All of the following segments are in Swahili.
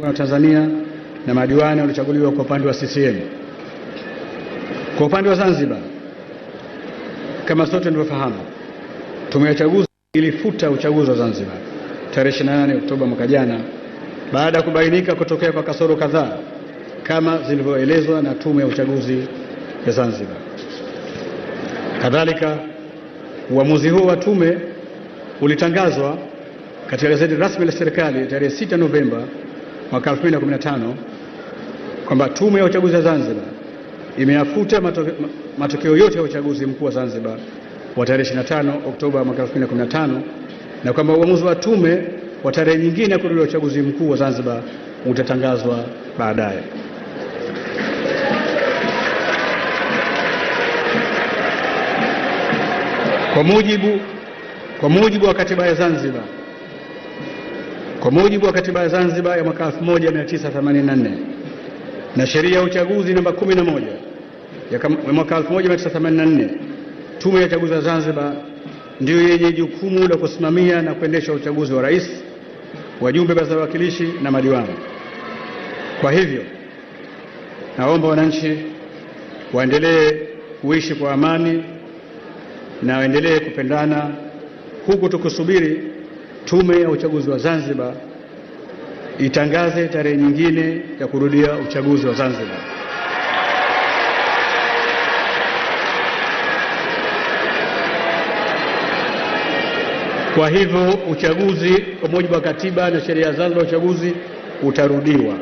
wa Tanzania na madiwani waliochaguliwa kwa upande wa CCM. Kwa upande wa Zanzibar, kama sote tunavyofahamu, tume ya uchaguzi ilifuta uchaguzi wa Zanzibar tarehe 28 Oktoba mwaka jana baada ya kubainika kutokea kwa kasoro kadhaa kama zilivyoelezwa na tume ya uchaguzi ya Zanzibar. Kadhalika, uamuzi huo wa tume ulitangazwa katika gazeti rasmi la serikali tarehe 6 Novemba mwaka 2015 kwamba Tume ya Uchaguzi wa Zanzibar imeyafuta matokeo matokeo yote ya uchaguzi mkuu wa Zanzibar wa tarehe 25 Oktoba mwaka 2015 na kwamba uamuzi wa tume wa tarehe nyingine ya kurudia uchaguzi mkuu wa Zanzibar utatangazwa baadaye. Kwa mujibu, kwa mujibu wa katiba ya Zanzibar kwa mujibu wa katiba ya Zanzibar ya mwaka 1984 na sheria ya uchaguzi namba 11 ya mwaka 1984, Tume ya Uchaguzi wa Zanzibar ndiyo yenye jukumu la kusimamia na kuendesha uchaguzi wa rais, wajumbe baraza la wawakilishi na madiwani. Kwa hivyo, naomba wananchi waendelee kuishi kwa amani na waendelee kupendana huku tukusubiri Tume ya Uchaguzi wa Zanzibar itangaze tarehe nyingine ya kurudia uchaguzi wa Zanzibar. Kwa hivyo uchaguzi kwa mujibu wa katiba na sheria ya Zanzibar, uchaguzi utarudiwa.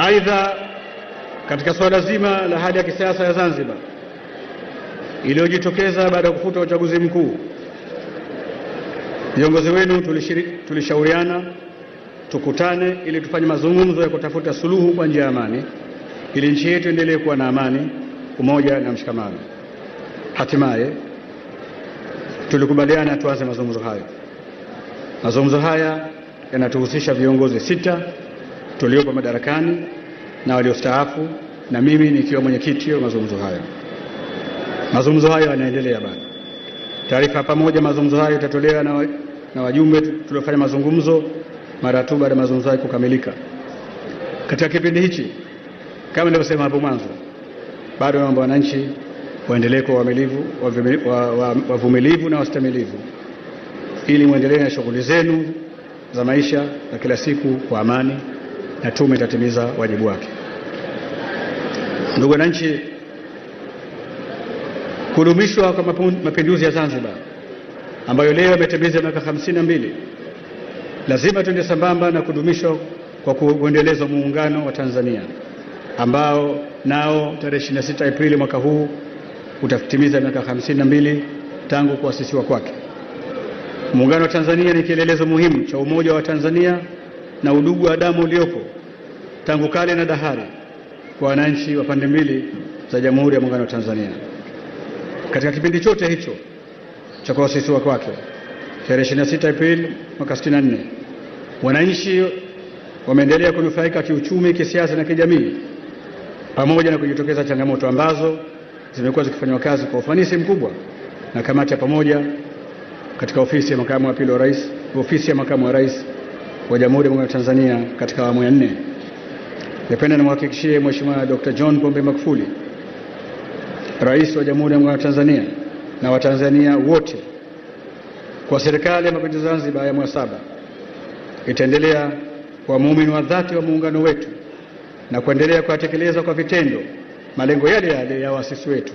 Aidha katika suala zima la hali ya kisiasa ya Zanzibar iliyojitokeza baada ya kufuta uchaguzi mkuu, viongozi wenu tulishauriana tukutane ili tufanye mazungumzo ya kutafuta suluhu kwa njia ya amani ili nchi yetu endelee kuwa na amani, umoja na mshikamano. Hatimaye tulikubaliana tuanze mazungumzo hayo. Mazungumzo haya yanatuhusisha viongozi sita tuliopo madarakani na waliostaafu na mimi nikiwa mwenyekiti wa mazungumzo hayo. Mazungumzo hayo yanaendelea bado. Taarifa pamoja mazungumzo hayo itatolewa na, na wajumbe tuliofanya mazungumzo mara tu baada ya mazungumzo hayo kukamilika. Katika kipindi hichi, kama nilivyosema hapo mwanzo, bado naomba wananchi waendelee kuwa wavumilivu na wastamilivu ili mwendelee na shughuli zenu za maisha na kila siku kwa amani na tume itatimiza wajibu wake. Ndugu wananchi, kudumishwa kwa mapinduzi ya Zanzibar ambayo leo yametimiza miaka hamsini na mbili lazima tuende sambamba na kudumishwa kwa kuendeleza muungano wa Tanzania ambao nao tarehe 26 Aprili mwaka huu utatimiza miaka mbili tangu kuasisiwa kwake. Muungano wa Tanzania ni kielelezo muhimu cha umoja wa Tanzania na udugu wa damu uliopo tangu kale na dahari kwa wananchi wa pande mbili za Jamhuri ya Muungano wa Tanzania. Katika kipindi chote hicho cha kuasisiwa kwake tarehe 26 Aprili mwaka 64, wananchi wameendelea kunufaika kiuchumi, kisiasa na kijamii, pamoja na kujitokeza changamoto ambazo zimekuwa zikifanywa kazi kwa ufanisi mkubwa na kamati ya pamoja katika ofisi ya makamu wa pili wa rais, ofisi ya makamu wa rais wa Jamhuri ya Muungano wa Tanzania katika awamu ya nne. Napenda nimhakikishie Mheshimiwa Dr. John Pombe Magufuli, Rais wa Jamhuri ya Muungano wa Tanzania na Watanzania wote kwa Serikali ya Mapinduzi Zanzibar ya mwa saba itaendelea kwa muumini wa dhati wa muungano wetu na kuendelea kuyatekeleza kwa vitendo malengo yale yale ya waasisi wetu.